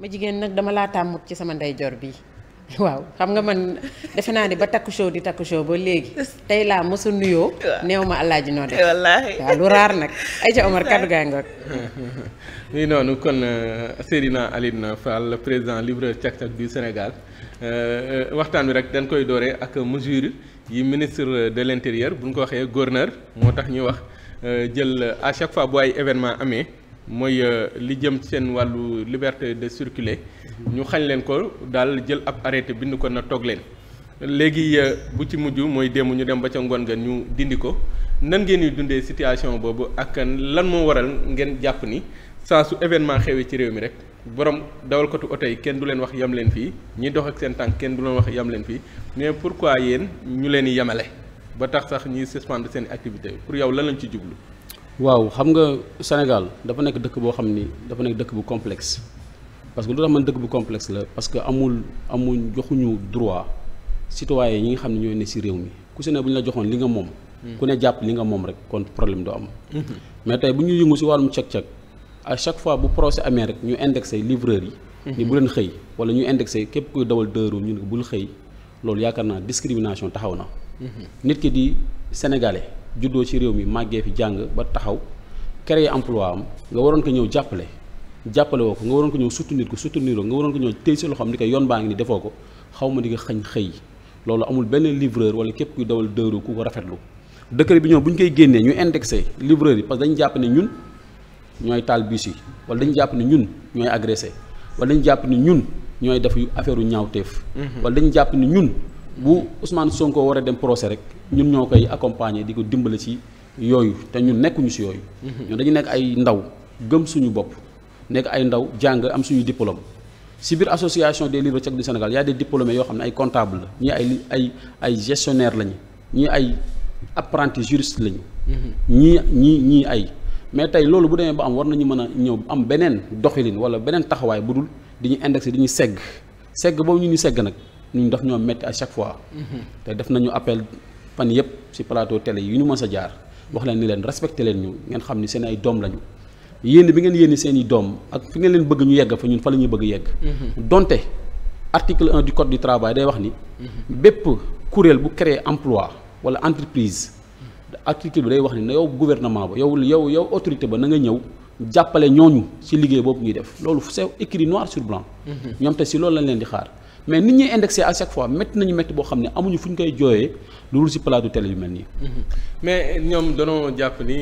ma jigéen nag dama laa tàmmut ci sama ndeyjoor bi waaw xam nga man defe naa ni ba takku show di takku show ba léegi tey laa mosu nuyoo. neew ma alaaji noo def wallaahi waaw lu raar nag. ayca Omar kaddu gaa ngoog. nii noonu kon euh, Seydina Aline Fall président livreur càq-càq du Sénégal euh, waxtaan bi rek dañ koy dooree ak mesure yi ministre de l' bu ñu ko waxee gouverneur moo tax ñuy wax. Euh, jël à chaque fois bu ay événement amee mooy euh, li jëm seen wàllu liberté de circuler ñu xañ leen ko daal jël ab arrêté bind ko na toog leen léegi euh, bu ci mujj mooy démb ñu dem ba ca ngoon nga ñu dindi ko nan ngeen di dundee situation boobu ak lan moo waral ngeen jàpp ni saa su événement xewee ci réew mi rek borom dawalkatu oto yi kenn du leen wax yam leen fii ñiy dox ak seen tànk kenn du leen wax yam leen fii mais pourquoi yéen ñu leen di yemale. ba tax sax ñuy suspendre seen activité pour yow lan lañ ci jublu. waaw xam nga Sénégal dafa nekk dëkk boo xam ni dafa nekk dëkk bu complexe parce que lu tax man dëkk bu complex la parce que amul amul joxuñu droit citoyen ñi ngi xam ne ñooy ne ci réew mi ku si bu ñu la joxoon li nga moom. ku ne jàpp li nga moom rek kon problème doo am. mais tey bu ñu yëngu si wàllum cek-cek à chaque fois bu procès amee rek ñu indexé livreur yi. ni bu leen xëy wala ñu indexé képp kuy dawal deux ñu bul xëy loolu yaakaar naa discrimination taxaw na. nit ki di sénégalais juddoo ci réew mi màggee fi jàng ba taxaw yi emploi am nga waroon ko ñëw jàppale jàppale woo ko nga waroon ko ñëw soutenir ko soutenir ko nga waroon ko ñëw téy sa loxoom ni ko yoon baa ngi ni defoo ko xaw ma di nga xëñ xëy loolu amul benn livreur wala képp kuy dawal dëru ku ko rafetlu décret bi ñoom bu ñu koy génnee ñu indexé livreur yi parce que dañu jàpp ne ñun ñooy taal bus yi wala dañu jàpp ne ñun ñooy agressé wala dañu jàpp ne ñun ñooy def yu affaire ñaaw mhm. wala dañu jàpp ne ñun bu Ousmane ko war a dem procès rek ñun ñoo koy accompagner di ko dimbale ci yooyu te ñun nekkuñu ci yooyu. Mhm. ñun dañu nekk ay ndaw gëm suñu bopp nekk ay ndaw jàng am suñu diplôme. si biir association des livres du Sénégal y a des diplômés yoo xam ne ay comptable la ñii ay ay ay gestionnaire lañu ñii ay apprenti juriste lañu. Mhm. ñi ñii ñii ay. mais tey loolu bu demee ba am war nañu mën a ñëw am beneen doxilin wala beneen taxawaay bu dul di ñu indexé di ñu segg segg boobu ñu ñu segg nag. ñu daf ñoo metti à chaque fois. te def nañu appel fan yëpp ci plateau télé yu ñu mës a jaar wax leen ni leen respecté leen ñu ngeen xam ni seen ay doom lañu yéen bi ngeen yéen seen i doom ak fi ngeen leen bëgg ñu yegg fa ñu fa la ñuy bëgg yegg. Mm-hmm. donte article un du code du travail day wax ni. Mm-hmm. bépp kuréel bu créer emploi wala entreprise. article bi day wax ni na yow gouvernement ba yow yow yow autorité ba na nga ñëw jàppale ñooñu ci liggéey boobu ñuy def loolu c'est écrit noir mm-hmm. di xaar. mais nit ñuy indexé à chaque fois métti nañu métti boo xam ne amuñu fu ñu koy jooyee lu dul ci plateau télé yu mel nii. Mm-hmm. mais ñoom danoo jàpp ni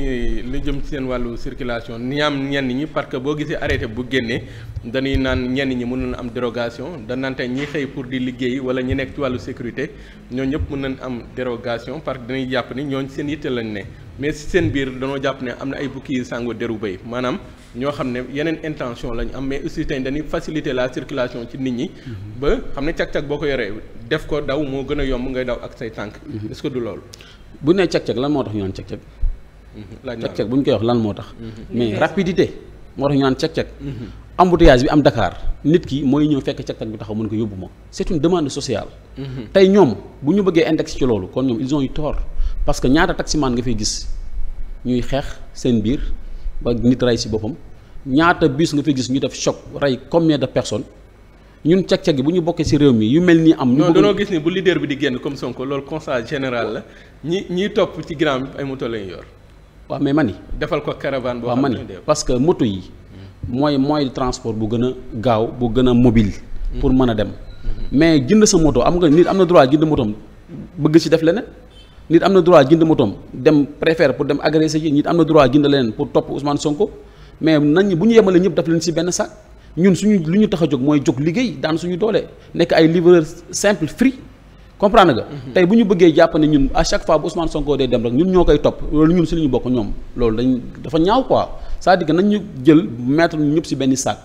lu jëm ci seen wàllu circulation ni am ñenn ñi parce que boo gisee arrêté bu génnee dañuy naan ñenn ñi mën nañu am dérogation dañ naan ñi xëy pour di liggéey wala ñi nekk ci wàllu sécurité ñoo ñëpp mën nañu am dérogation parce que dañuy jàpp ni ñooñ seen yitte lañ ne. mais si seen biir dañoo jàpp ne am na ay bukki yi sàngoo deru béy maanaam ñoo xam ne yeneen intention lañu am mais aussi tey dañuy faciliter la circulation ci nit ñi. Mhm. ba xam ne cag-cag boo ko yoree def ko daw moo gën a yomb ngay daw ak say tànk. Mhm. est-ce que du loolu. bu nee cag-cag lan moo tax ñu naan cag-cag. Mhm. laaj bu ñu koy wax lan moo tax. mais rapidité moo tax ñu naan cag-cag. embouteillage bi am Dakar nit ki mooy ñëw fekk cag-cag bi taxaw mën ko yóbbu ma c'est une demande sociale. tey ñoom bu ñu bëggee index ci loolu kon ñoom ils ont parce que ñaata taximaan nga fay gis ñuy xeex seen biir ba nit rey si boppam ñaata bus nga fay gis ñu def choc rey combien de personnes ñun cag-cag yi bu ñu bokkee si réew mi yu mel ni am. non danoo gis ni bu leader bi di génn comme Sonko loolu constat général la ñi ñuy topp ci grand bi ay moto lañ yor. waaw mais mani defal ko caravane boo xam ne parce que moto yi. mooy mooy transport bu gën a gaaw bu gën a mobile. pour mën a dem. Mm-hmm. mais jënd sa moto am nga nit am na droit jënd motoom bëgg ci def leneen. nit am na droit jënd motom dem préfère pour dem agressé ji nit am na droit jënd leneen pour topp Ousmane Sonko mais nañ bu ñu yemalee ñëpp daf leen si benn sac ñun suñu lu ñu tax a jóg mooy jóg liggéey daan suñu doolee nekk ay livreur simple free comprendre nga. Mhm. tey bu ñu bëggee jàpp ne ñun à chaque fois bu Ousmane Sonko dee dem rek ñun ñoo koy topp loolu ñun si li ñu bokk ñoom loolu dañu dafa ñaaw quoi c'est-à-dire que nañ ñu jël mettre ñëpp si benn sac.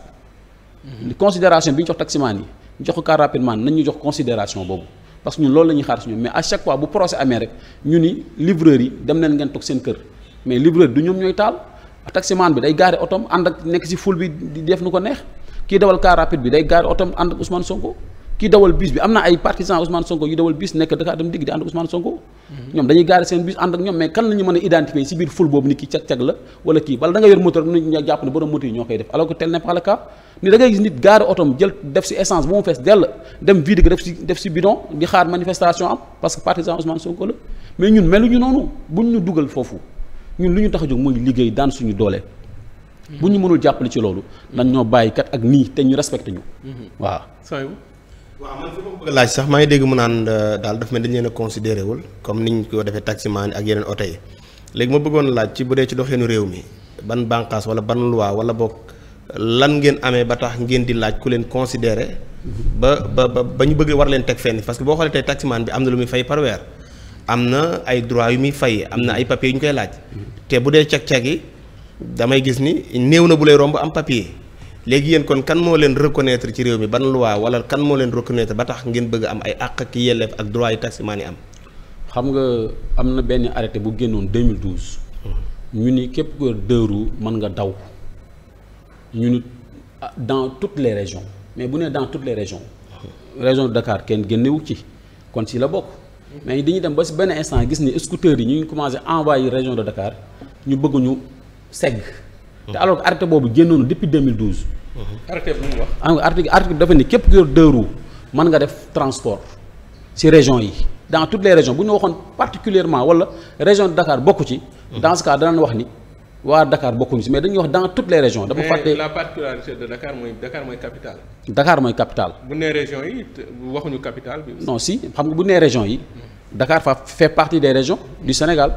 Mhm. considération bi ñu jox taximaan yi jox ko car ñu jox considération boobu. parce que ñun loolu la ñuy xaar si ñun mais à chaque fois bu procès amee rek ñu ni livreurs yi dem leen ngeen toog seen kër mais livreur du ñoom ñooy taal taximan bi day gaari otom ànd ak nekk si ful bi di def nu ko neex kii dawal car rapide bi day gaare otom ànd ak Ousmane Sonko kii dawal bis bi am na ay partisans Ousmane Sonko yu dawal bis nekk Dakar dem digg di ànd ak Ousmane Sonko ñoom dañuy gaari seen bus ànd ak ñoom mais kan la mën a identifier si biir ful boobu ni kii cag-cag la wala kii bala da yor moteur mën nañu jàpp ne borom moto ñoo koy def alors que tel n'est pas le cas ni da ngay gis nit gaari otom jël def si essence ba mu fees dell dem vide def si bidon di xaar manifestation am parce que partisan Ousmane Sonko la mais ñun meluñu noonu buñ ñu dugal foofu ñun lu ñu tax a jóg mooy liggéey daan suñu doole hmm. bu ñu mënul jàppale ci loolu dañ ñoo bàyyi kat ak nii te ñu respecté ñu hmm. waaw man fi ma bëgg laaj sax maa ngi dégg mu naan euh, daal daf mel dañ leen a considéré wul comme niñ ko defee taximaan ak yeneen oto yi léegi ma bëggoon laaj ci bu dee ci doxeenu réew mi ban bànqaas wala ban loi wala boog lan ngeen amee ba tax ngeen di laaj ku leen considéré ba ba ñu bëgg war leen teg fenn parce que boo xoolee tey taximaan bi am na lu muy fay par am na ay droit yu muy fay am na ay papiers yu ñu koy laaj te bu dee cag ceg yi damay gis ni néew na bu lay romb am papier léegi yéen kon kan moo leen reconnaître ci réew mi ban loi wala kan moo leen reconnaître ba tax ngeen bëgg am ay àq ak yelleef ak droit yi taximaan yi am. xam nga am na benn arrêté bu génnoon 2012. Hmm. ñu ni képp ku deux mën nga daw ñu ni dans toutes les régions mais bu nee dans toutes les régions. Hmm. région de Dakar kenn génnewu ci kon si la bokk. mais dañuy dem ba si benn instant gis ni scooters yi ñu ngi commencé envoyé région de Dakar ñu bëgg ñu segg. te alors que arrêté boobu génnoon depuis 2012. Mm-hmm. arrêté bu mu wax. xam nga article article dafa ni képp ku man deux nga def transport ci région yi dans toutes les régions bu ñu waxoon particulièrement wala région de Dakar bokku ci. Mm-hmm. dans ce cas wax ni. waa Dakar bokkuñu si mais dañuy wax dans toutes les régions. dafa fàtte mais la particularité mooy Dakar mooy capitale. Dakar mooy capitale. bu nee région yi waxuñu capital bi. non si xam nga bu nee région yi. Mm-hmm. Dakar fa fait partie des régions du Sénégal.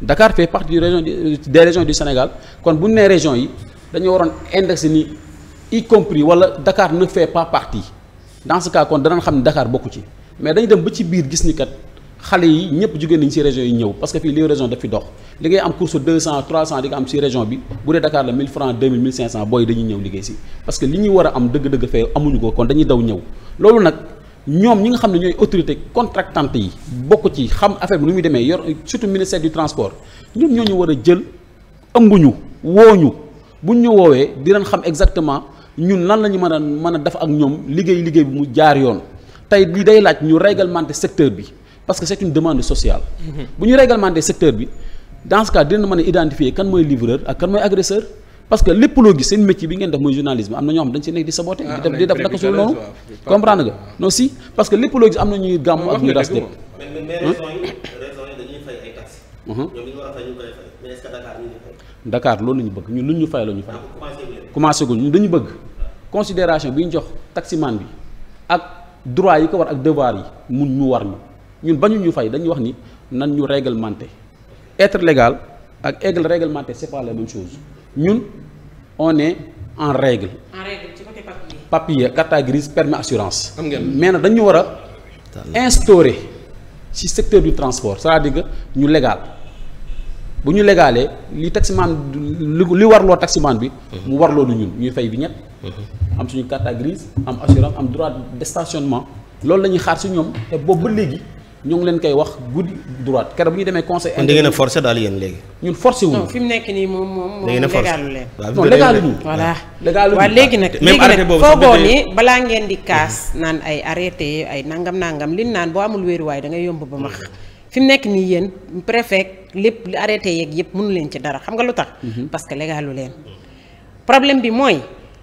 Dakar fait partie du région des régions Sénégal kon bu ñu nee région yi dañoo waroon indexé ni y compris wala Dakar ne fait pas partie dans ce cas kon danañ xam ne Dakar bokku ci mais dañu dem ba ci biir gis ni kat xale yi ñëpp jóge nañ ci région yi ñëw parce que fii livraison daf fi dox li ngay am course 200 300 di nga am ci région bi bu dee Dakar la 1000 francs 2000 1500 booy dañuy ñëw liggéey si parce li ñuy war a am dëgg-dëgg fee amuñu ko kon dañuy nag. ñoom ñi nga xam ne ñooy autorité contractante yi bokk ci xam affaire bi nu muy demee yor surtout ministère du transport ñoom ñoo ñu war a jël ëmbuñu ñu buñ ñu woowee di dinañ xam exactement ñun nan la ñu mën a mën a def ak ñoom liggéey liggéey bi mu jaar yoon tey li day laaj ñu réglementer secteur bi parce que c'est une demande sociale. Mm-hmm. bu ñu réglementer secteur bi dans ce cas mën a identifier kan mooy livreur ak kan mooy agresseur. parce que lépp loo gis seen métier bi ngeen def mooy journalisme am na ñoo xam dañ si nekk di saboté ah, di def di def naka suul noonu comprendre nga non si parce que lépp loo gis am na ñuy gàmm ak ñuy das mhm. dëpp loolu la ñu bëgg ñun lu ñu fay la ñu fay ah, commencé gu ñun dañu bëgg considération bi ñu jox taximaan bi ak droit yi ko war ak devoir yi mun ñu war ñu ñun bañu ñu fay dañuy wax ni nan ñu réglementé être ak égal réglementé c'est pas la même chose ñun on est en règle. en règle ci grise permis assurance. am ngeen mais na dañu war a instaurer ci secteur du transport c'est-à-dire que ñu légal bu ñu légalee li taximan li li warloo taximan bi. Mhm. mu warloo lu ñun ñuy fay vignette. Mhm. am suñu carte grise am assurance am droit de stationnement loolu la ñuy xaar si ñoom te boobu ba léegi. ñu ngi leen koy wax guddi droite keroog bu ñu demee conseil. da ngeen a forcé daal yéen léegi. ñun forcé wu ñu. non fi mu nekk nii moom moom moom légalu leen. non légalu ñu. voilà légalu ñu waaw léegi nag. même arrêté boobu sax foogoo balaa ngeen di kaas naan ay arrêté ay nangam nangam li naan boo amul wéeruwaay da ngay yomb ba max fi mu nekk nii yéen préfet lépp arrêté yeeg yëpp mënu leen ci dara xam nga lu tax. Mhm. parce que légalu leen problème bi mooy.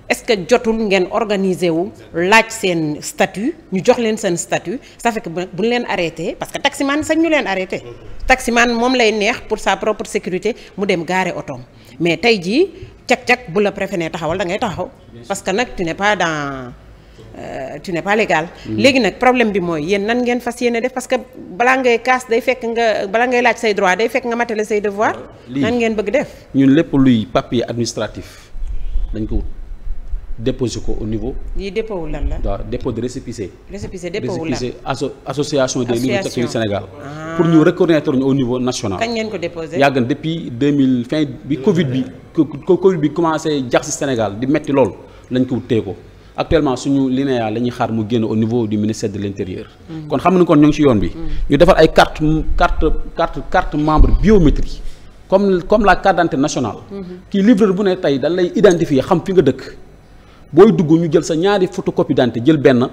est-ce que jotul ngeen organiser wu laaj seen statut ñu jox leen seen statut sa fait que bu ñu leen arrêté parce que taximaan sax ñu leen arrêté. taximaan moom lay neex pour sa propre sécurité mu dem gaare otoom mais tey jii cag-cag bu la préfet ne taxawal da ngay taxaw parce que nag tu n'es dans euh, tu n'es pas légal. Mm. léegi nag problème bi mooy yéen nan ngeen fas yéene def parce que balaa ngay kaas day fekk nga balaa ngay laaj say droit day fekk nga matale say devoir nan ngeen bëgg def. ñun lépp luy papier administratif dañ ko déposé ko au niveau. lii dépôt wu lan la. waaw de récépissé. asso association. des livres Sénégal. Ah. pour ñu reconnaître ñu au niveau national. yàgg na depuis deux mille fin bi Covid bi. Covid bi commencé jax si Sénégal di metti lool lañ ko téye ko actuellement suñu linéa la xaar mu génn au niveau du ministère de l' mm. kon xam nañu kon ñu ci yoon bi. Mm. ñu defar ay carte carte carte carte membre biométrique comme la carte d' identité mm-hmm. livreur bu ne tey dañ booy dugg ñu jël sa ñaari photocopie d'identité jël benn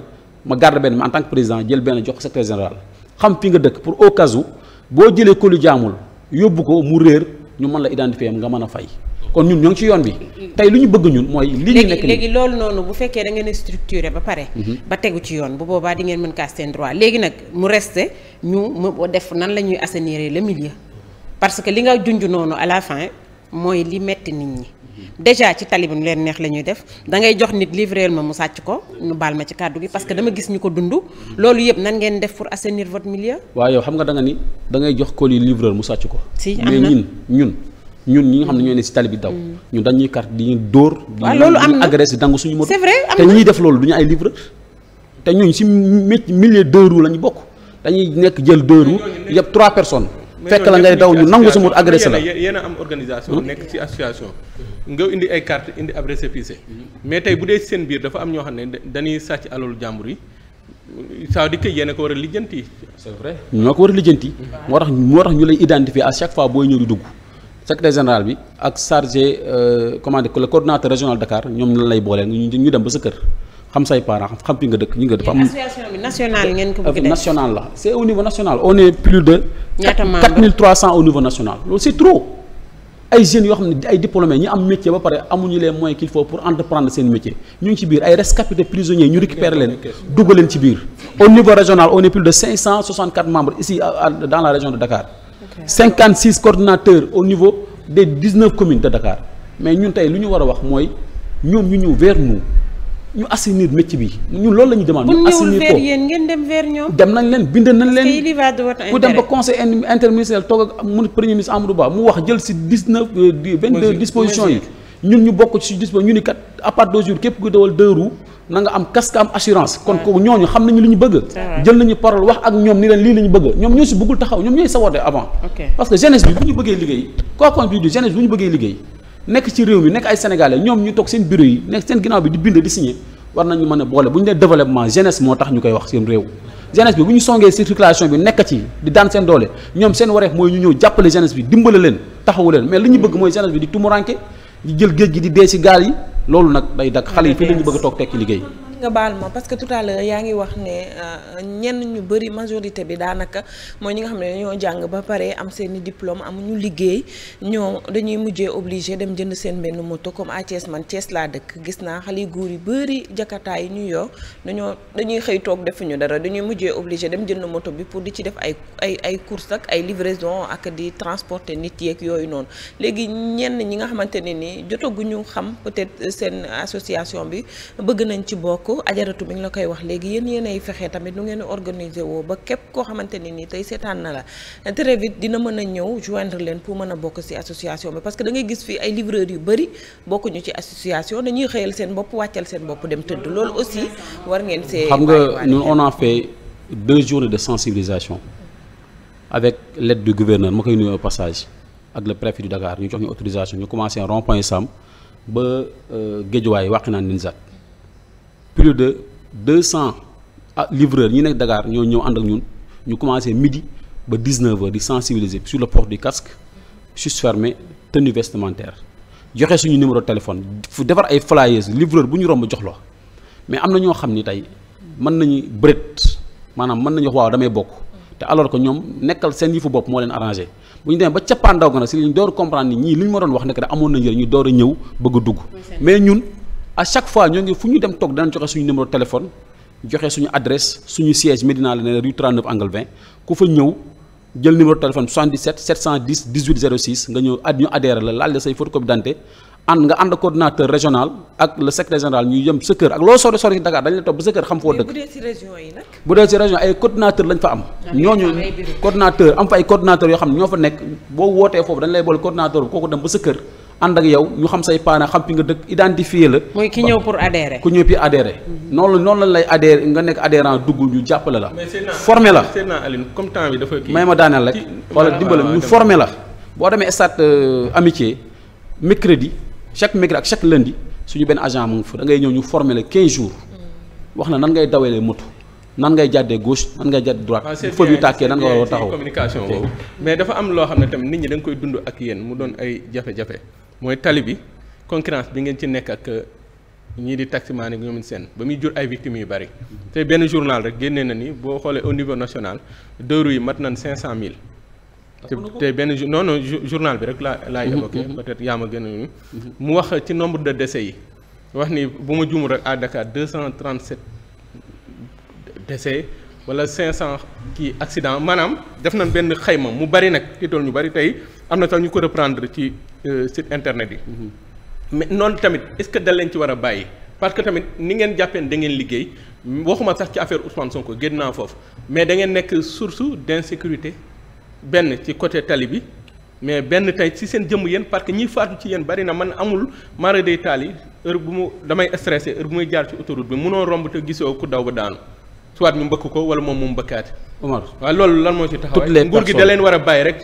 ma garde benn ma en tant président jël benn jox secrétaire général xam fi nga dëkk pour au cas où boo jëlee kolu jaamul yóbbu ko mu réer ñu mën la identifier am nga mën a fay kon ñun ñoo ngi ci yoon bi tey lu ñu bëgg ñun mooy li ñu nekk léegi loolu noonu bu fekkee da ngeen a ba pare mhm. ba tegu ci yoon bu boobaa di ngeen mën kaas droit léegi nag mu resté ñu mu def nan la ñuy assainir le milieu parce que li nga junj noonu à la fin mooy li metti nit ñi déjà ci tali bi nu leen neex la ñuy def da jox nit livreel ma mu sàcc ko ñu baal ma ci kàddu gi parce que dama gis ñu ko dund loolu yëpp nan ngeen def pour assainir votre milieu. waaw yow xam nga da nga ni dangay ngay jox colis livreur mu sàcc ko. si am ñun ñun. ñun ñi xam ne ñoo ne ci tali bi daw. Mm. ñun dañuy carte di ñu dóor. waaw loolu am na agressé dangu suñu moto. c'est vrai ñuy def loolu du ñu ay livreur te ñun ci milieu deux roues la ñu bokk dañuy nekk jël deux roues yëpp trois personnes fekk la ngay daw ñu nangu su mu agressé la yéen a am organisation hmm? nekk ci association nga indi ay carte indi ab récépissé hmm? mais tey bu dee seen biir dafa am ñoo xam ne dañuy sàcc alalu jàmbur yi ça veut dire que yéen ko war a lijjanti c'est vrai ñoo ko war a hmm. moo tax moo tax ñu lay identifier à chaque fois booy ñëw di dugg secrétaire général bi ak chargé euh, comment dire le régional Dakar ñoom la lay booleel ñu dem ba sa kër xam say parents xam fi nga dëkk ñu nga dafa am association bi nationale ngeen ko bëgg nationale la c'est au national on est ñaata membres 4300 au niveau national loolu c'est trop ay jeunes yoo xam ne ay diplômés ñu am métier ba pare amuñu leen moyens qu'il faut pour entreprendre seen métier ñu ngi ci biir ay rescapés prisonniers ñu récupérer leen dugg leen ci biir au niveau régional on est plus de 564 membres ici dans la région de Dakar okay. 56 coordinateurs au niveau des 19 communes de Dakar mais ñun tey lu ñu war a wax mooy ñoom ñu ñëw vers nous ñu assainir métier bi ñu loolu la ñu demande. ñu assainir ko dem nañ leen bind nañ leen ku dem ba conseil interministériel toog ak mu premier ministre Amadou Ba mu wax jël si dix neuf vingt yi. ñun ñu bokk ci disposition ñu ni kat à part deux jours képp ku dawal deux roues na nga am am assurance. kon kooku ñooñu xam nañu li ñu bëgg. jël nañu parole wax ak ñoom ni leen lii la bëgg ñoom ñoo si bëggul taxaw ñoom ñooy sawarde avant. parce que bi nekk ci réew mi nekk ay sénégalais ñoom ñu toog seen bureau yi nekk seen ginnaaw bi di bind di signé war nañu mën a boole bu ñu nee développement jeunesse moo tax ñu koy wax seen réew jeunesse bi bu ñu songee circulation bi nekk ci di daan seen doole ñoom seen wareef mooy ñu ñëw jàppale jeunesse bi dimbale leen taxawu leen mais li ñu bëgg mooy jeunesse bi di tumuranke jël géej gi di dee si gaal yi loolu nag day dakk xale yi fii la bëgg a toog tekki liggéey nga baal ma que tout yaa ngi wax ne euh, ñenn ñu bëri majorité bi daanaka mooy ñi nga xam ne dañoo jàng ba pare am seen i diplôme amuñu liggéey ñoo dañuy mujjee obligé dem jënd seen benn moto comme à Thiès man Thiès laa dëkk gis naa xale góor yu bëri jakarta yi ñu yor dañoo dañuy xëy toog defuñu dara dañuy mujjee obligé dem jënd moto bi pour di ci def ay ay ay ak ay livraison ak di transporter nit yeeg yooyu noonu léegi ñenn ñi nga xamante ne ni jotaguñu xam peut-être seen association bi nañ ajaratu mi ngi la koy wax léegi yéen yéenay fexe tamit nu ngeen organiser woo ba képp koo xamante ne nii tey seetaan na la très vite dina mën a ñëw joindre leen pour mën a bokk ci association bi parce que dangay ngay gis fii ay livreurs yu bëri bokkuñu ci association dañuy xëyal seen bopp wàccal seen bopp dem tëdd loolu aussi war ngeen see. xam nga ñun on a fait deux journées de sensibilisation avec l'aide du gouverneur ma koy nuyu au passage ak le préfet du Dakar ñu jox ñu autorisation ñu commencé rond point Sam ba euh, Guédiawaye naa Nimzatt plus de cent ah, livreurs ñi nekk Dakar ñoo ñëw ànd ak ñun ñu commencé midi ba dix neuf heures di sensibiliser sur le port du casque juste fermé tenue vestimentaire joxe suñu numéro de téléphone fu defar ay flyers livreur bu ñu romb jox la mais am na ñoo xam ni tey mën nañu bëreet maanaam mën nañu wax waaw damay bokk te alors que ñoom nekkal seen fu bopp moo leen arrangé bu ñu demee ba cappaandaw ga nag si ñu door comprendre ni ñii li ñu ma doon wax nekk da amoon na njëriñ ñ door a ñëw bëgg a dugg à chaque fois ñoo ngi fu ñu dem toog danañ joxe suñu numéro téléphone joxe suñu adresse suñu siège Médina la ne rue 39 angle 20 ku fa ñëw jël numéro téléphone 77 710 18 06 nga ñëw at ñu adhéré la laal la say photocopie d'identité ànd nga ànd coordinateur régional ak le secrétaire général ñu yem sa kër ak loo sori sori si Dakar dañu la topp ba sa kër xam foo dëkk. bu dee si région ay coordinateur lañ fa am. Ah, ñooñu coordinateur am fa ay yoo xam ne ñoo fa nekk boo wootee foofu dañu lay boole coordinateur dem ba sa kër. ànd ak yow ñu xam say parents xam fi nga dëkk identifier la. mooy ki ñëw pour adhérer. ku ñëw fi adhérer. Mhm. noonu noonu lañ lay adhérer nga nekk adhérent dugg ñu jàppale la. formé la comme temps bi dafa may ma daaneel rek. wala dimbale ñu formé la. boo demee stade euh, amitié mercredi chaque mercredi ak chaque lendi suñu benn agent mu ngi fa ngay ñëw ñu formé la quinze jours. Mhm. wax na nan ngay dawalee moto. nan ngay jàddee gauche nan ngay jàddee droite. waaw feu bi tàkkee nan nga war a taxaw communication boobu mais dafa am loo xam ne tamit nit ñi da koy dund ak yéen mu doon ay jafe mooy tali bi concurrence bi ngeen ci nekk ak euh, ñii di taximaan ak ñoom seen ba muy jur ay victimes yu bari te benn journal rek génnee na ni boo xoolee au niveau national deux roues yi mat na cinq cent mille te te benn non non journal bi rek laa laay évoqué peut-être yaa ma gën ñu mu wax ci nombre de décès yi wax ni bu ma juumul rek à Dakar deux cent trente-sept décès wala cinq cent kii accident maanaam def na benn xayma mu bari nag ci tool ñu bari tey am na sax ñu ko reprendre ci Euh, site internet yi. mais noonu tamit est-ce que dal leen ci war a bàyyi parce que tamit ni ngeen jàppee da dangeen liggéey waxuma sax ci affaire Ousmane Sonko génn naa foofu mais da ngeen nekk source d'insécurité benn ci côté tali bi mais benn tey ci seen jëmm yéen parce que ñiy faatu ci yéen bari na man amul mara day taali yi heure bu mu damay stressé heure bu muy jaar ci autoroute bi munoo romb te gisoo ku daw ba daanu soit ñu mbëkk ko wala moom mu mbëkkaate Omar waaw loolu lan moo ci taxawaay toutes les nguur gi da a bàyyi rek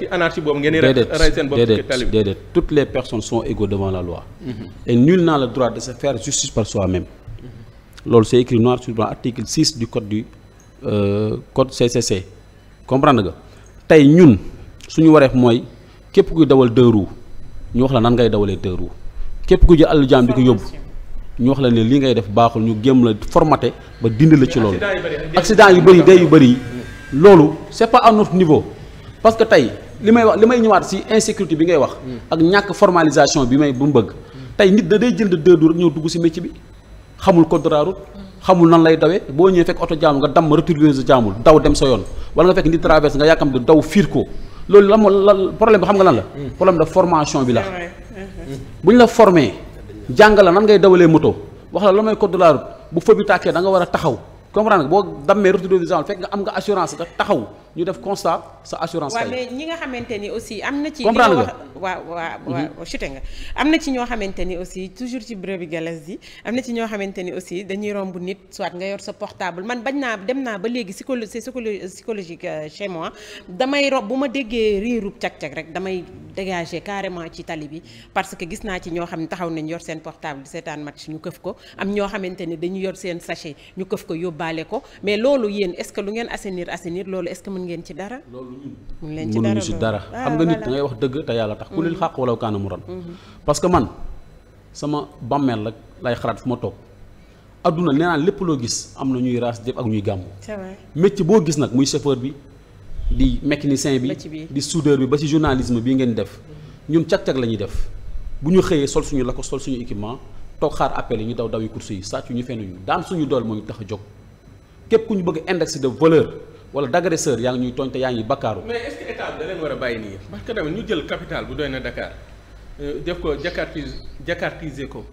devant la loi mm-hmm. et nul n'a le droit de se faire justice par soi-même mm-hmm. loolu c'est écrit noir sur blanc du code euh, CCC comprendre nga tey ñun suñu wareef mooy képp kuy dawal deux ñu wax la nan ngay dawalee deux képp ku jël àllu jaam di ko yóbbu ñu wax la ne li ngay def baaxul ñu gém la formaté ba dindi la ci loolu accident yu bëri day yu bëri loolu c' est pas à notre niveau parce que tey li may wax li may ñëwaat si insécurité bi ngay wax. Hmm. ak ñàkk formalisation bi may bu mu bëgg. tey nit da day jël de deux jours rek ñëw dugg si métier bi xamul code de xamul nan lay dawee boo ñëwee fekk oto jaamul nga damm rétroviseur jaamul daw dem sa yoon wala nga fekk nit traverse nga yàkkam di daw fiir ko loolu la moo la problème bi xam nga lan la. Hmm. problème de formation bi la. Hmm. bu ñu la formé jàng la nan ngay dawalee moto wax la la may code de la route tàkkee da nga war a taxaw. comprendre nga boo dammee retour de vision fekk nga am nga assurance taxaw ñu def constat sa assurance. waaw mais ñi nga xamante ni aussi am na ci. comprendre nga mhm. nga. am na ci ñoo xamante ni aussi toujours ci brebis galeuses yi am na ci ñoo xamante ni aussi dañuy romb nit soit nga yor sa portable man bañ naa dem naa ba léegi psycholo c'est psychologique euh, chez moi damay rob bu ma déggee riirub cag-cag rek damay dégager carrément ci tali bi parce que gis naa ci ñoo xam ne taxaw nañ yor seen portable di seetaan match ñu këf ko am ñoo xamante ni dañu yor seen sachet ñu këf ko yóbbaale ko mais loolu yéen est-ce ngeen ci dara. loolu ñun mënu leen ci dara ah, am nga nit da ngay wax dëgg te yàlla tax. ku lil mm-hmm. xàq wala kaana mu ran mm-hmm. parce que man sama bàmmeel nag lay xalaat fu ma toog. adduna nee lépp loo gis am na ñuy raas jëf ak ñuy gàmm. c'est vrai boo gis nag muy chauffeur bi di mécanicien bi di soudeur bi ba ci journalisme bi ngeen def. Mm-hmm. ñun cag-cag la ñuy def bu ñu xëyee sol suñu la ko sol suñu équipement toog xaar appel yi ñu daw dawi course yi sàcc ñu fenn ñu daan suñu dool moo ñu tax a jóg képp ku ñu bëgg index de valeur wala d'agresseur yaa ngi ñuy tooñ te yaa ngi bakkaaru. mais est-ce que war a bàyyi nii parce que tamit ñu jël capital bu doy na Dakar euh, def ko jakartis jakartiser ko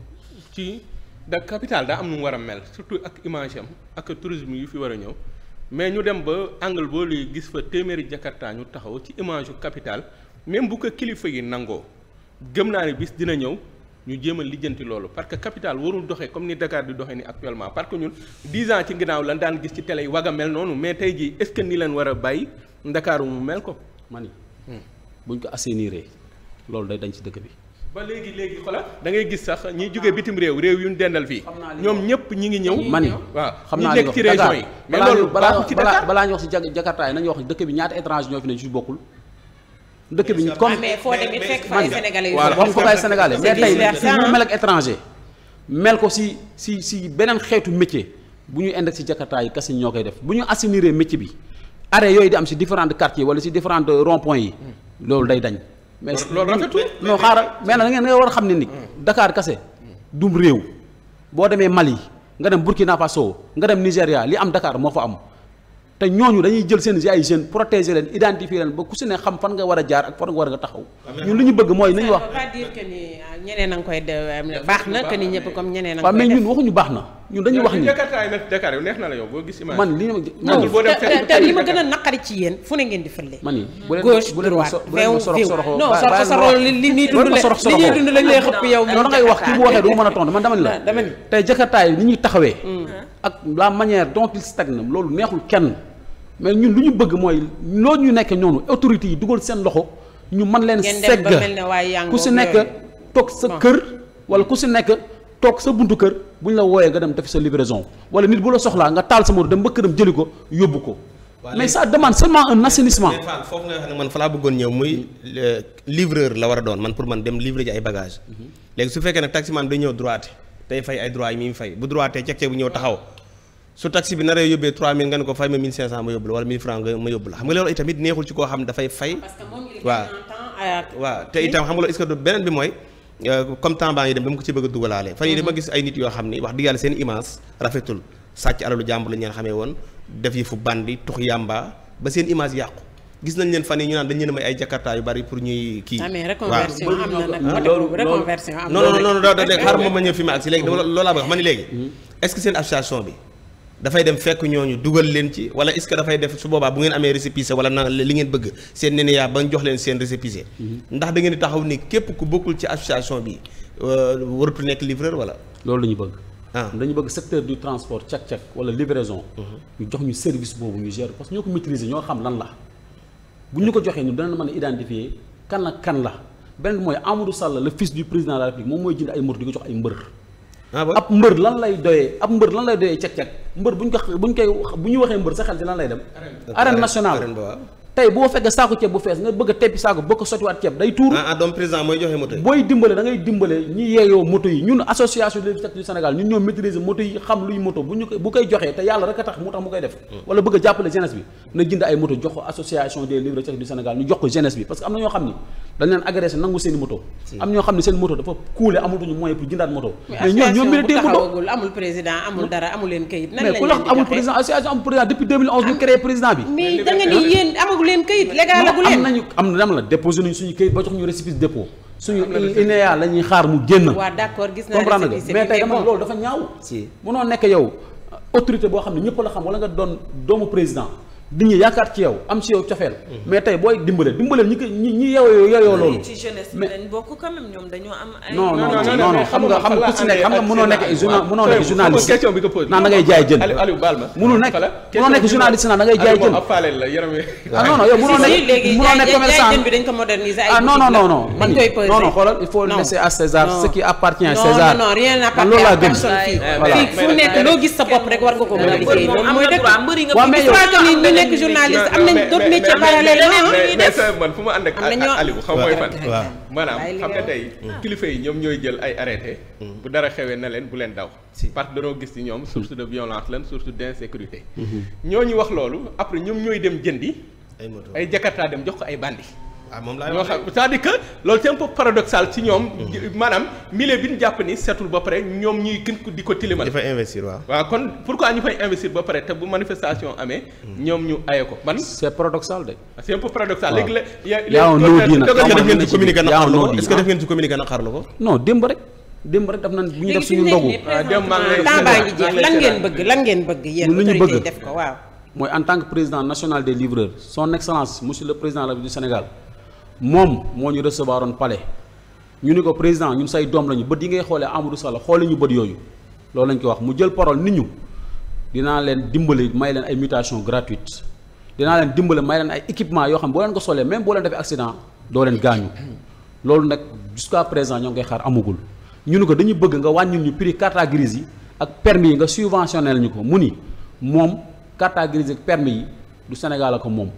ci da capital daa am nu mu war a mel surtout ak image am ak tourisme yu fi war a ñëw mais ñu dem ba angle boo luy gis fa téeméeri jakarta ñu taxaw ci image yu capital même bu ko kilifa yi nangoo gëm naa ne bis dina ñëw. ñu jéem a lijjanti loolu parce que capital warul doxe comme ni Dakar di doxee ni actuellement parce que ñun 10 ans ci ginnaaw lan daan gis ci télé yi waga mel noonu mais tey jii est ni leen war a bàyyi ndakaaru mu mel ko. ma ni hmm. buñ ko assainiré loolu day dañ ci dëkk bi. ba léegi léegi xoolal da ngay gis sax ñi jóge bitim réew réew yu ñu dendal fii ñoom ñëpp ñi ngi ñëw mani waaw xam naa nekk ci région yi mais loolu baaxul ci Dakar balaa ñu wax si Jakarta yi nañu wax dëkk bi ñaata étranger ñoo bokkul dëkk bi comme ah, mais foo demee fekk fa ay sénégalais yu wax ko ay sénégalais mais tey mel ak étranger mel ko si si si beneen xeetu métier bu ñu inde si jakarta yi kasi ñoo koy def bu ñu assainir métier bi arrêt yooyu di am si différents quartiers wala si différents rond point yi loolu day dañ mais loolu rafetul non xaaral mais nag da ngeen war a xam ne ni dakaar kase dum réew boo demee Mali nga dem Burkina Faso nga dem Nigéria li am Dakar moo fa am te ñooñu dañuy jël seen ay jeunes protéger leen identifier leen ba ku si ne xam fan nga war a jaar ak fan war nga taxaw. ñun li ñu bëgg mooy nañu wax. ça ah, koy baax na que ni ñëpp comme ñeneen a ngi koy def waaw mais ñun waxuñu baax na. ñun dañuy wax ni jakartaay man li ma te li ma gën a naqari ci yéen fu ne ngeen di fële man ni gauche droite réew réew non bu waxee du mën a tontu man dama ni la tey jakartaay ni ñuy taxawee mm. ak la manière dont il stagne loolu neexul kenn mais ñun lu ñu bëgg mooy loolu ñu nekk ñoonu autorités yi dugal seen loxo ñu mën leen segg ku si nekk toog sa kër wala ku si nekk toog sa buntu kër bu ñu la wooyee nga dem def sa livraison wala nit bu la soxlaa nga taal sa moto dem ba këram jëli ko yóbbu ko. mais ça demande seulement un assainissement. mais Fall foofu nga xam ne man fa laa bëggoon ñëw muy euh, livreur la war a doon man pour man dem livrer ji ay bagages. Mhm. léegi su fekkee nag taximan bi day ñëw droite day fay ay droit yi muy fay bu droite ceg-ceg bu ñëw taxaw su taxi bi naree yóbbee 3000 nga ne ko fay ma 1500 ma yóbbu la wala 1000 francs nga ma yóbbu la xam nga loolu itamit neexul ci koo xam dafay fay. waaw waaw te itam xam nga loolu est-ce que beneen bi mooy comme temps baa ngi dem dama ko ci bëgg a dugalaale fan yi dama gis ay nit yoo xam ni wax dëgg yàlla seen image rafetul sàcc alalu jàmbur la ñu leen xamee woon def yi fu bandi tux yàmba ba seen image yàqu gis nañ leen fan yi ñu naan dañ leen may ay jakarta yu bari pour ñuy kii reconversion am na nag reconversion non ma ñëw fi ma ak si léegi dama loolaa bëgg xam ma léegi est seen association bi dafay dem fekk ñooñu dugal leen ci wala est-ce que dafay def su boobaa bu ngeen amee récépissé wala na li ngeen bëgg seen nene yaa ba jox leen seen récépissé mhm. ndax da ngeen di taxaw ni képp ku bokkul ci association bi euh, waratu nekk livreur wala loolu la ñu bëgg ah dañu bëgg secteur du transport cak-cak wala livraison mhm. ñu jox ñu service boobu ñu gérer parce que ñoo ko maîtriser ñoo xam lan la bu ñu ko joxee ñu danañ mën a identifier kan ak kan la beneen mooy Amadou Sall le fils du président moom mooy jënd ay mbër di ko jox ay mbër Ah ab mbër lan lay doyee ab mbër lan lay doyee cek-cek mbër buñ ko buñ koy bu ñu waxee mbër sa xel ci lan lay dem arène nationale tey boo fekkee saaku ceeb bu fees nga bëgg a teppi saaku bëgg a sotiwaat ceeb day tuur ah, ah doom président mooy joxe moto yi booy dimbale da ngay dimbale ñi yeeyoo moto yi ñun association des secteurs du Sénégal ñun ñoo maîtriser moto yi xam luy moto bu ñu bu koy joxee te yàlla rek a tax mu tax mu koy def hmm. wala bëgg a jàppale jeunesse bi na jënd moto jox ko association des livres secteurs du Sénégal ñu jox ko dañ leen agressé nangu seen seen moto dafa kuule amatuñu moyen pour jëndaat moto mais ñoo ñoo mérité moto amul président amul dara leen kayit nan mais ku ni yéen amagu leen kayit légal agu leen am nañu am na la déposé nañu suñu kayit ba jox ñu récépissé dépôt suñu INEA la xaar mu génn waaw d'accord gis naa comprendre nga mais tey dama loolu dafa ñaaw si mënoo nekk yow autorité boo xam ne ñëpp la xam wala nga doon doomu président nit ñi yaakaar ci yow am ci yow cofeel mais tey booy dimbale dimbaleel ñi ko ñi ñi yow yow loolu. ci jeunesse bi lañ bokk quand même ñoom dañoo am. ay non non non non xam nga xam nga ku ci nekk xam nga mënoo nekk journal mënoo nekk journaliste. question bi nga posé naan da ngay jaay jën. Aliou Aliou Balma mënul nekk mënoo nekk journaliste naan da ngay jaay jën. ah non non yow mënoo nekk mënoo nekk commerçant jën bi dañ ko moderniser ay. ah non non non non man non non xoolal il faut laisser à César ce qui appartient à César. non non rien n'appartient à personne fii. voilà fii fu nekk loo gis sa bopp rek war nga ko mën a liggéey. nekk journaliste am nañ d'autres métiers parallèle mais mais sa man fu ma ànd ak Aliou xaw mooy fan maanaam xam nga tey kilifa yi ñoom ñooy jël ay arrêté mm. bu dara xewee na leen bu leen daw parce que danoo gis ci ñoom source de violence lan source mm-hmm. ñoo ñu wax loolu après ñoom ñooy dem jëndi ay jakarta dem jox ko ay bandi ah moom laay wax c'est-à-dire que loolu c'est paradoxal ci ñoom. maanaam milieu bi ñu jàpp ni setul ba pare ñoom ñuy gën ko di ko tilimal. di fay investir waaw. waaw kon pourquoi ñu fay investir ba pare te bu manifestation amee. ñoom ñu aye ko man. c'est paradoxal de. Ah, c'est un peu paradoxal léegi la. yaa ngi ngeen ci communiqué naqarlu ko est-ce que def ngeen ci communiqué naqarlu ko. non démb rek. démb rek daf naan bu ñu def suñu ndogu. Ah, lan ngeen bëgg lan ngeen bëgg. yéen autorité yi def ko waaw. mooy en tant que président national des livreurs son excellence monsieur Sénégal moom moo ñu recevoir pale ñu ni ko président ñun say doom lañu bët yi ngay xoolee Amadou Sall xoole ñu bët yooyu loolu lañ ko wax mu jël parole nit ñu dinaa leen dimbali may leen ay mutation gratuite dinaa leen dimbali may leen ay équipement yoo xam boo leen ko solee même boo leen defee accident doo leen gaañu loolu nag jusqu'à présent ñoo ngi xaar amagul ñu ni ko dañu bëgg nga wàññil ñu prix carte grise yi ak permis yi nga subventionné lañu ko mu ni moom carte grise ak yi du Sénégal ko moom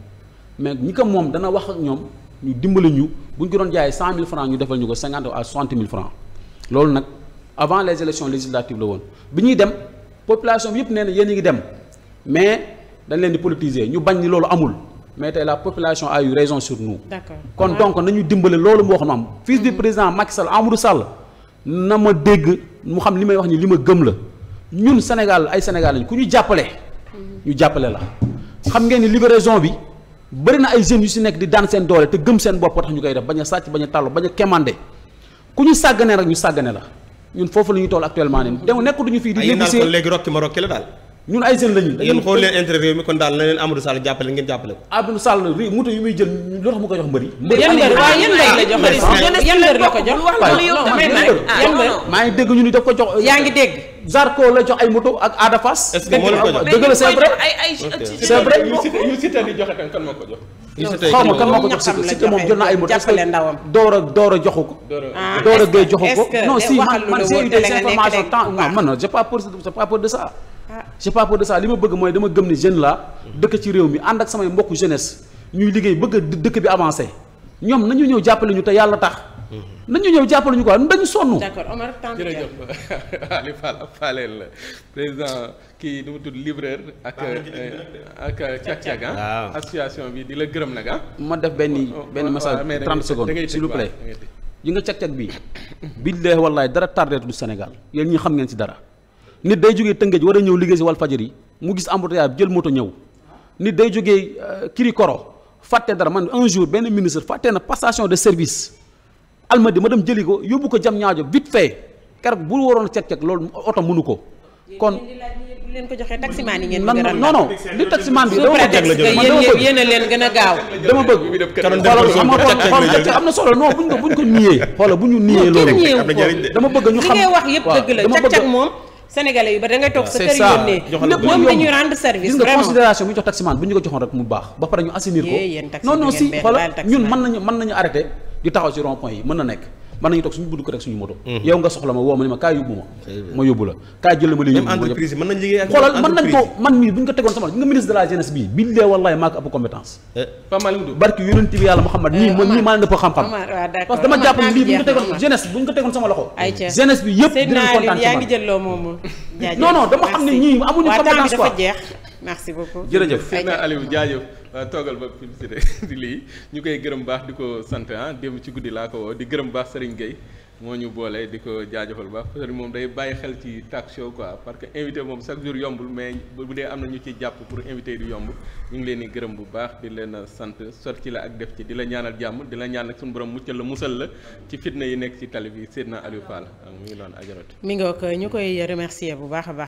mais ñi ko moom dana wax ak ñoom ñu dimbali ñu bu ñu ko doon jaayee cent mille francs ñu defal ñu ko cinquante à soixante mille francs loolu nag avant les élections législatives la woon bi ñuy dem population bi yëpp nee na yéen ngi dem mais dañ leen di politiser ñu bañ ni loolu amul mais tey la population a eu raison sur nous. d'accord kon donc nañu dimbale loolu moo xam am. fils du mm-hmm. président Macky Sall Amadou Sall na ma dégg mu xam li may wax ni li ma gëm la ñun Sénégal ay Sénégal lañ ku ñu jàppale. Mm-hmm. ñu jàppale la xam bëri na ay jeunes yu si nekk di daan seen doole te gëm seen bopp tax ñu koy def bañ a sàcc bañ a tàllu bañ a kemande ku ñu sàggane rek ñu sàggane la ñun foofu la ñuy toll actuellement nii. dem nekk duñu fii di. ay ah, naan léegi rokki ma rokki la daal. ñun ay jeunes lañu. yéen xool leen interview mi kon daal na leen Amadou Sall jàppale ngeen jàppale ko. Amadou Sall réew moto yi muy jël loo tax mu ko jox. yan mbër ah, maa ngi dégg ñu ni daf ko jox. yaa ngi dégg. Zarko la jox ay moto ak Ada Fass. est-ce que moo jox joxe kan kan moo ko jox. xaw ma kan moo ko jox Siteu moom jël na ay mot est-ce que Dora joxu ko. Dora Gueye joxu ko non si man man j'ai eu des informations tant non man non j'ai pas peur j'ai de ça. j'ai pas ah. de ça li ma bëgg mooy dama gëm ni jeune la dëkk ci réew mi ànd ak samay mbokku jeunesse ñuy liggéey bëgg dëkk bi avancé ñoom nañu ñëw jàppale ñu te yàlla tax nañ ñëw jàppale ñu quoi dañu sonn. d'accord Omar jërëjëf Aliou la kii nu mu tudd ak ak euh, càq càq ah. bi di la gërëm nag ah. ma def benn oh, oh, benn oh, message 30 secondes s'il vous plaît. yi nga càq càq bi billahi wallahi dara tardé du Sénégal yéen ñi xam ngeen si dara nit day jógee Tëngéej war a ñëw liggéey ci yi mu gis embouteillage jël moto ñëw nit day jógee euh, Kirikoro fàtte dara man un jour benn ministre fàtte na passation de service. almadi ma dem jëli ko yóbbu ko jam ñaajo vite fait keroog bu waroon a cek cek loolu oto mënu ko. kon leen ko joxee taximaan a a gaaw dama bëgg bu ñu niyee loolu dama bëgg ñu xam li ngay wax si xoolal ñun mën nañu mën nañu arrêté di taxaw ci rond point yi mën na nekk mën nañu toog suñu budd ko rek suñu moto mhm. yow nga soxla ma woo ma ni ma kaa yóbbu ma ma yóbbu la kaa jël ma léegi xoolal mën nañ ko man mii bu ñu ko tegoon sama nga ministre de la jeunesse bii billaahi wallaahi maa ko ëpp compétence eh. barki yonent bi yàlla Muhammad nii eh, ma nii maa leen ëpp xam-xam parce que dama jàpp ni lii bu ñu ko tegoon jeunesse bu ñu ko tegoon sama loxo jeunesse bi yëpp dinañ kontaan yaa ngi jël loo moomul non non dama xam ne ñii amuñu compétence quoi merci beaucoup jërëjëf Aliou jaajëf waaw euh, toogal ba publicité di lii ñu koy gërëm baax di ko sant ah démb ci guddi laa ko di gërëm baax Serigne Gueye moo ñu boole di ko jaajëfal baax Serigne moom day bàyyi xel ci talk show quoi parce que invité moom chaque jour yombul mais bu dee am na ñu ci jàpp pour invité du yomb ñu ngi leen di gërëm bu baax di leen sant sorti la ak def ci di la ñaanal jàmm di la ñaanal suñu borom muccal la musal la ci fitna yi nekk ci tali bi Seydina Aliou Fall ah, mu ngi noonu ñu koy remercier a baax